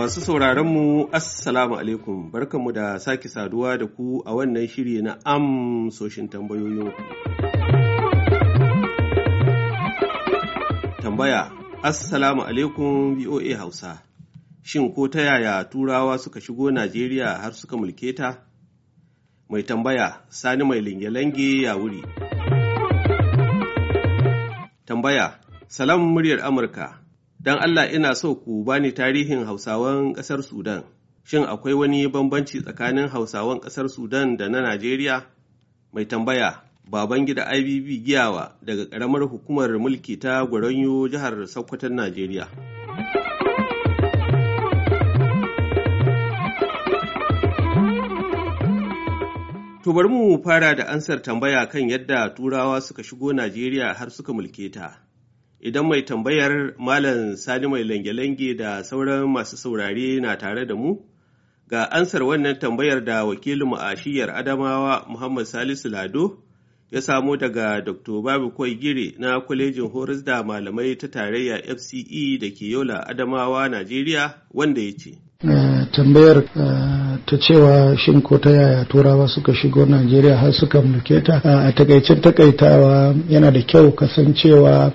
Masu sauraronmu, Assalamu alaikum, barkanmu da sake saduwa da ku a wannan shiri na amsoshin tambayoyinku. Tambaya, Assalamu alaikum VOA Hausa. Shin ko ta yaya turawa suka shigo Najeriya har suka mulke ta? Mai tambaya, Sani mai linge-lange ya wuri. Tambaya, Salam muryar Amurka. Don Allah ina so ku bani tarihin Hausawan ƙasar Sudan. Shin akwai wani bambanci tsakanin Hausawan ƙasar Sudan da na Najeriya? Mai tambaya, baban gida IBB Giyawa daga ƙaramar hukumar mulki ta Gwaranyo jihar Sokoton Najeriya. To bari mu fara da ansar tambaya kan yadda Turawa suka shigo Najeriya har suka mulke ta. idan mai tambayar Malam Sani mai lange-lange da sauran masu saurare na tare da mu, ga ansar wannan tambayar da wakilinmu a shiyar Adamawa Muhammad Salisu Lado ya samo daga Dr. Babu Gire na kwalejin Horis da Malamai ta tarayya FCE da ke Yola Adamawa, Najeriya, wanda ya ce. Eh, tambayar eh, ta cewa shin ko ta yaya turawa suka shigo najeriya har suka mulke ta a takaicin takaitawa yana da kyau kasancewa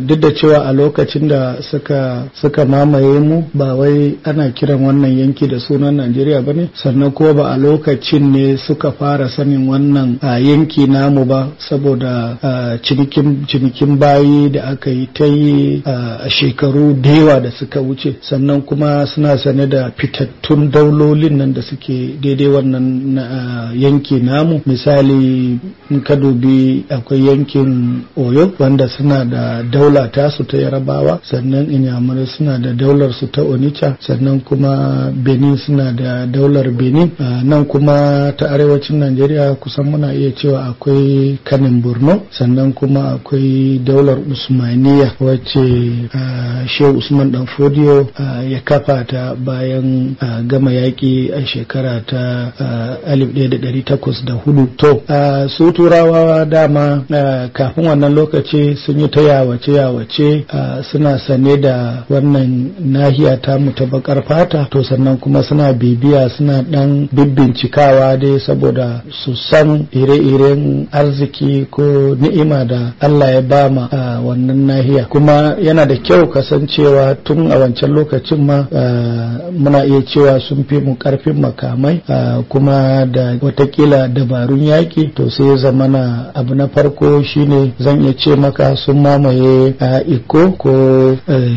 duk da cewa a lokacin da suka suka mamaye mu ba wai ana kiran wannan yanki da sunan najeriya ba ne sannan ko ba a lokacin ne suka fara sanin wannan yanki namu ba saboda cinikin bayi da aka yi ta yi a shekaru da yawa da suka wuce sannan kuma suna sane da fitattun daulolin nan da suke daidai wannan eh, yanki namu misali in ka dubi akwai yankin oyo wanda suna da daula tasu ta yarabawa sannan inyamurai suna da daular su ta onitsha sannan kuma benin suna da daular benin eh, nan kuma ta arewacin najeriya kusan muna iya cewa akwai kanin borno sannan kuma akwai daular usmaniya wacce eh, shehu usman danfodiyo ya kafa ta bayan gama yaƙi a shekara ta eh, ɗaya da da takwas hudu to eh, su turawa dama eh, kafin wannan lokaci sun yi ta yawace yawace suna sane da wannan nahiya ta mu ta bakar fata to sannan kuma suna bibiya suna dan bibbincikawa dai saboda su san ire-iren arziki ko ni'ima da Allah ya bama a wannan nahiya kuma yana da kyau kasancewa tun a wancan lokacin ma muna iya cewa sun fi mu karfin makamai kuma da watakila dabarun yaƙi to sai zamana abu na farko shine zan iya ce maka sun mamaye a iko ko e,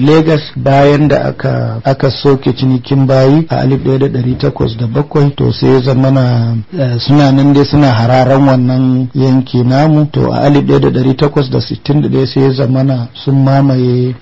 Legas bayan da aka aka soke cinikin bayi a 1807 to sai zamana e, suna nan dai suna hararan wannan yanki namu to a 1861 sai zamana sun mamaye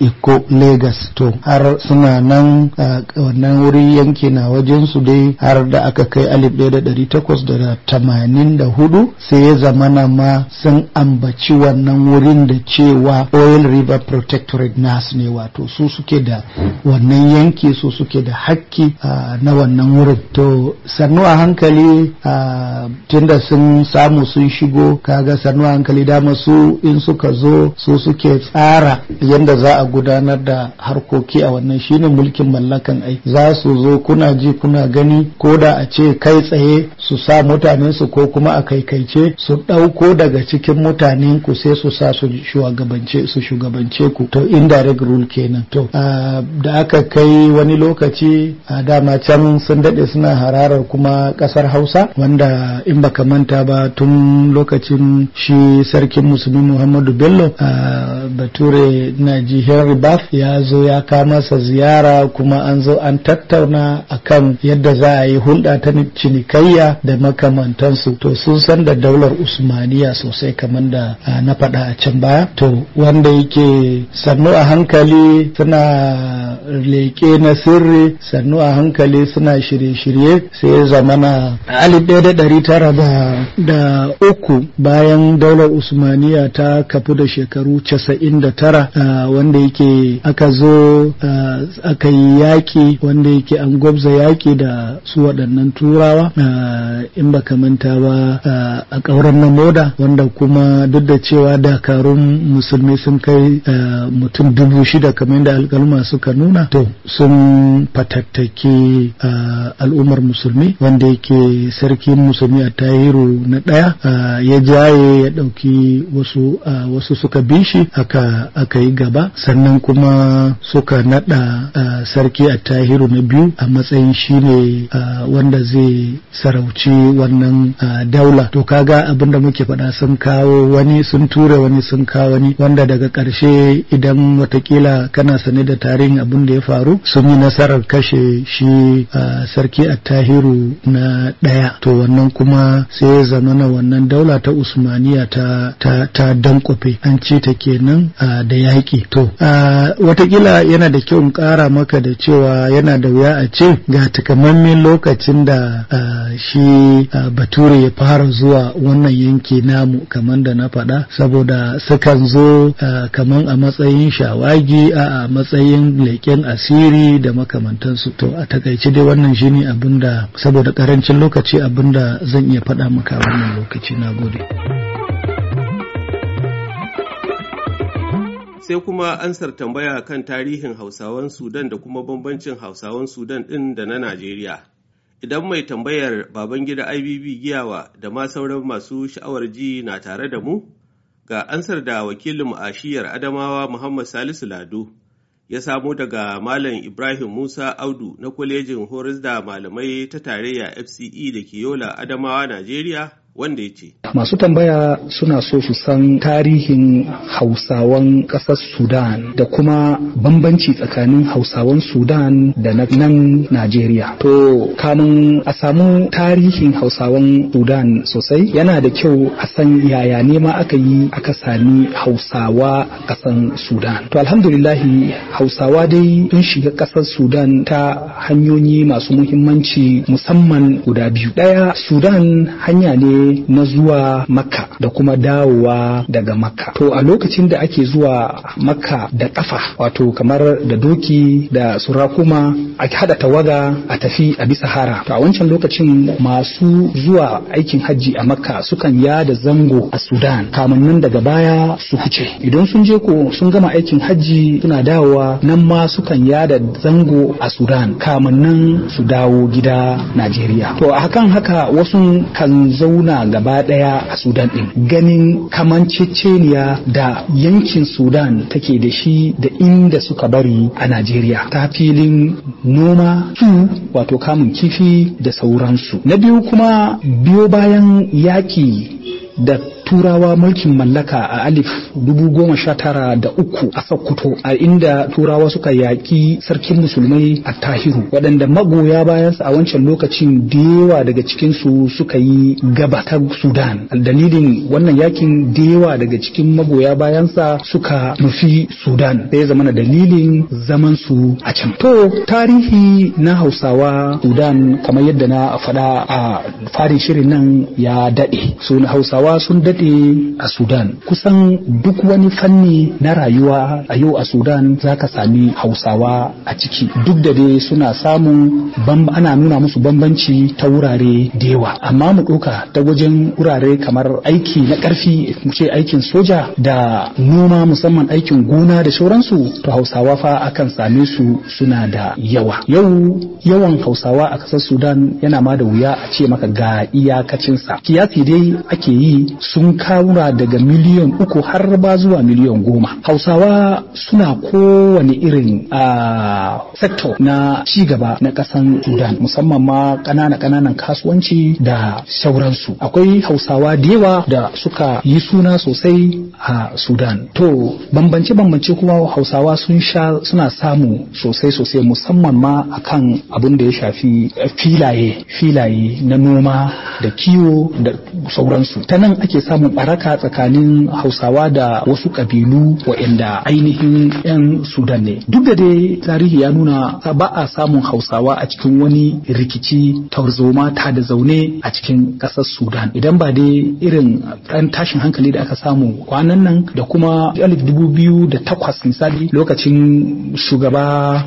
iko lagos to har suna nan wannan wuri yanki na wajen su dai har da aka kai alif ɗaya da ɗari takwas da tamanin da hudu sai ya zamana ma sun ambaci wannan wurin da cewa oil river protectorate nas ne wato su suke da wannan yanki su suke da hakki na wannan wurin to sannu a hankali tunda sun samu sun shigo kaga sannu a hankali dama su in suka zo su suke tsara yadda za a gudanar da harkoki a wannan shine mulkin mallakan aiki za su zo kuna ji kuna gani ko da a ce kai tsaye su sa mutanensu su ko kuma a kaikaice su ɗauko daga cikin mutanen ku sai su sa su shugabance su shugabance ku to indirect rule kenan to da aka kai wani lokaci a dama can sun daɗe suna hararar kuma ƙasar hausa wanda in baka manta ba tun lokacin shi sarkin musulmi muhammadu bello a bature na ji henry bath ya zo ya kama sa ziyara kuma an zo an tattauna akan yadda za a yi hulɗa ta cinikayya da makamantansu to sun san da daular usmaniya sosai kamar da na faɗa a can baya to wanda yake sannu a hankali suna leƙe na sirri sannu a hankali suna shirye-shirye sai zamana alif ɗaya da ɗari tara da uku bayan daular usmaniya ta kafu da shekaru casa'in da tara wanda yake aka zo aka yi yaƙi wanda yake an gwabza yaƙi da su waɗannan turawa eh, in ba manta ba eh, a ƙauren na moda wanda kuma duk da cewa dakarun musulmi sun kai eh, mutum dubu shida kamar yadda alƙaluma suka nuna to sun fatattake al'ummar musulmi wanda yake sarkin musulmi a tahiru na ɗaya ya jaye ya ɗauki wasu wasu suka bi shi aka yi gaba sannan kuma suka naɗa sarki a tahiru na biyu a matsayin shi ne wanda zai sarauci wannan daula to kaga abin da muke faɗa sun kawo wani sun ture wani sun kawo wani wanda daga ƙarshe idan watakila kana sane da tarihin abin da ya faru sun yi nasarar kashe shi sarki attahiru na ɗaya to wannan kuma sai zamana wannan daula ta usmaniya ta ta, ta dankwafe an ce ta kenan da yaƙi to watakila yana da kyau in ƙara maka da cewa yana da wuya a Cin ga takamammen lokacin da shi bature ya fara zuwa wannan yanki namu kamar da na faɗa saboda sukan zo kamar a matsayin shawagi a matsayin leƙen asiri da makamantansu to a takaice dai wannan shine abin da saboda ƙarancin lokaci abinda zan iya faɗa maka wannan lokaci na gode. sai kuma ansar tambaya kan tarihin hausawan sudan da kuma bambancin hausawan sudan ɗin da na najeriya idan mai tambayar babangida ibb giyawa da ma sauran masu sha'awar ji na tare da mu ga ansar da wakilin ashiyar adamawa muhammad salisu lado ya samo daga malam ibrahim musa audu na kwalejin horis da malamai ta tarayya fce da ke yola adamawa najeriya wanda ya Masu tambaya suna so su san tarihin hausawan ƙasar Sudan da kuma bambanci tsakanin hausawan Sudan da nan Najeriya. To, kamun a samu tarihin hausawan Sudan sosai yana da kyau a san yaya nema aka yi aka sami hausawa ƙasar Sudan. To, alhamdulillahi hausawa dai sun shiga ƙasar Sudan ta hanyoyi masu muhimmanci musamman guda biyu. Ɗaya, Sudan hanya ne na zuwa makka da kuma dawowa daga makka to a lokacin da ake zuwa makka da kafa wato kamar da doki da surakuma a hada tawaga a tafi a bisa hara to a wancan lokacin masu zuwa aikin hajji a makka sukan yada zango a sudan kamun nan daga baya su huce idan sun je ko sun gama aikin hajji suna dawowa nan ma sukan yada zango a sudan kamun nan su dawo gida najeriya to a hakan haka wasu kan zauna suna gaba ɗaya a Sudan ɗin ganin kamanceceniya da yankin Sudan take da shi da inda suka bari a Najeriya ta filin noma su wato kamun kifi da sauransu. Na biyu kuma biyo bayan yaki da turawa mulkin mallaka a alif dubu goma sha tara da uku a sakkuto a inda turawa suka yaƙi sarkin musulmai a tahiru waɗanda magoya bayansa a wancan lokacin da yawa daga cikinsu suka yi gaba ta sudan dalilin wannan yakin da yawa daga cikin magoya bayansa suka nufi sudan da ya zama dalilin zaman su a can to tarihi na hausawa sudan kamar yadda na faɗa a farin shirin nan ya daɗe na hausawa sun daɗe daɗe a Sudan kusan duk wani fanni na rayuwa a yau a Sudan za ka sami Hausawa a ciki duk da dai suna samun ana nuna musu bambanci ta wurare da yawa amma mu ɗauka ta wajen wurare kamar aiki na ƙarfi ce aikin soja da noma musamman aikin gona da sauransu to Hausawa fa akan same su suna da yawa yau yawan Hausawa a ƙasar Sudan yana ma da wuya a ce maka ga iyakacinsa kiyasi dai ake yi sun kawura daga miliyan uku har ba zuwa miliyan goma hausawa suna kowane irin a sektor na cigaba na ƙasan sudan musamman ma ƙanana ƙananan kasuwanci da sauransu akwai hausawa da yawa da suka yi suna sosai a sudan to bambance bambance kuma hausawa sun sha suna samu sosai sosai musamman ma akan abin da ya shafi filaye filaye na noma da kiwo da sauransu ta nan ake samun baraka tsakanin hausawa da wasu kabilu waɗanda ainihin 'yan sudan ne duk da dai tarihi ya nuna ba a samun hausawa a cikin wani rikici tarzoma ta da zaune a cikin ƙasar sudan idan ba dai irin ɗan tashin hankali da aka samu kwanan nan da kuma alif dubu biyu da takwas misali lokacin shugaba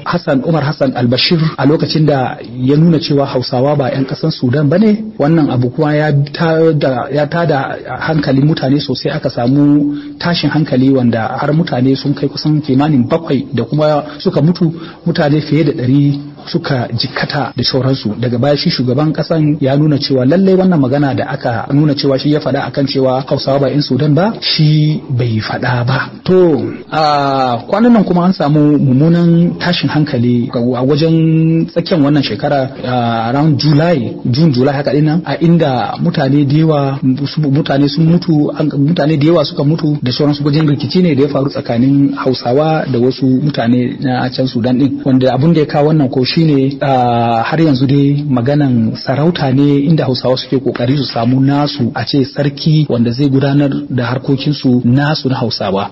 hassan umar hassan albashir a lokacin da ya nuna cewa hausawa ba 'yan ƙasar sudan ba ne wannan abu kuma ya tada, ya tada hankali mutane sosai aka samu tashin hankali wanda har mutane sun kai kusan kimanin bakwai da kuma suka mutu mutane fiye da ɗari suka jikkata da sauransu. daga baya shi shugaban kasan ya nuna cewa lallai wannan magana da aka nuna cewa shi ya faɗa akan cewa hausawa ba 'yan sudan ba shi bai faɗa ba to a kwanan nan kuma an samu mummunan tashin hankali a wajen tsakiyar wannan shekara around july june july haka dinnan a inda mutane da yawa mutane sun mutu mutane da yawa suka mutu da sauransu wajen rikici ne da ya faru tsakanin hausawa da wasu mutane na can sudan din wanda abun da ya kawo wannan ko shine har yanzu dai maganan sarauta ne inda hausawa suke kokari su samu nasu a ce sarki wanda zai gudanar da harkokinsu nasu na hausawa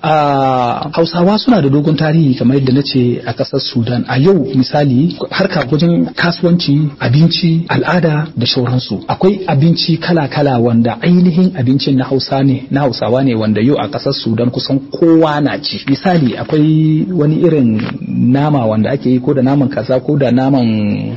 hausawa suna da dogon tarihi kamar yadda na ce a ƙasar sudan a yau misali harka wajen kasuwanci abinci al'ada da shauransu akwai abinci kala-kala wanda ainihin abincin na hausa ne na hausawa ne wanda yau a ƙasar sudan kusan kowa na ci misali akwai wani irin nama wanda ake yi ko da naman kaza ko da naman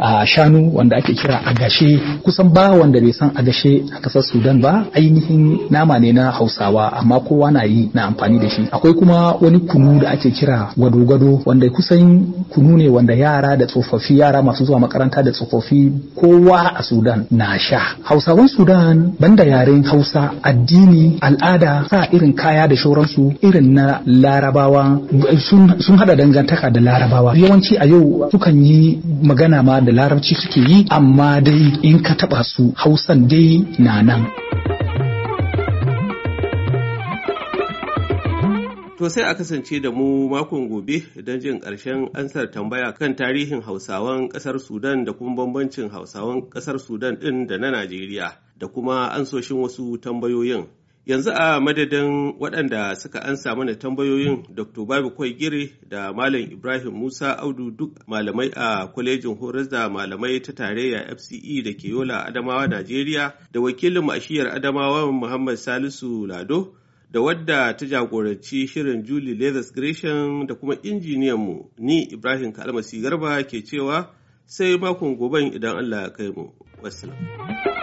a shanu wanda ake kira agashe kusan ba wanda bai san agashe a kasar sudan ba ainihin nama ne na hausawa amma kowa na yi na amfani da shi akwai kuma wani kunu da ake kira gwado-gwado wanda kusan kunu ne wanda yara da tsofaffi yara masu zuwa makaranta da tsofaffi kowa a sudan na sha hausawan sudan banda yaren hausa addini al'ada sa irin kaya da shauransu irin na larabawa sun hada dangantaka da larabawa yawanci a yau sukan yi magana ma da da larabci suke yi amma dai in ka taba su hausan dai na nan To sai a kasance da mu makon gobe don jin ƙarshen ansar tambaya kan tarihin Hausawan ƙasar Sudan da kuma bambancin Hausawan ƙasar Sudan ɗin da na Najeriya da kuma ansoshin wasu tambayoyin. Yanzu a madadin waɗanda suka ansa mana tambayoyin Dr. Babu Kwai Gire da Malam Ibrahim Musa Audu duk malamai a kwalejin horas da malamai ta tarayya FCE da ke Yola Adamawa Najeriya da wakilin mashiyar Adamawa Muhammad Salisu Lado da wadda ta jagoranci shirin Julie Leathers Gresham da kuma injiniyanmu ni Ibrahim Kalmasi Garba ke cewa sai makon gobe idan Allah ya kai mu. wasu"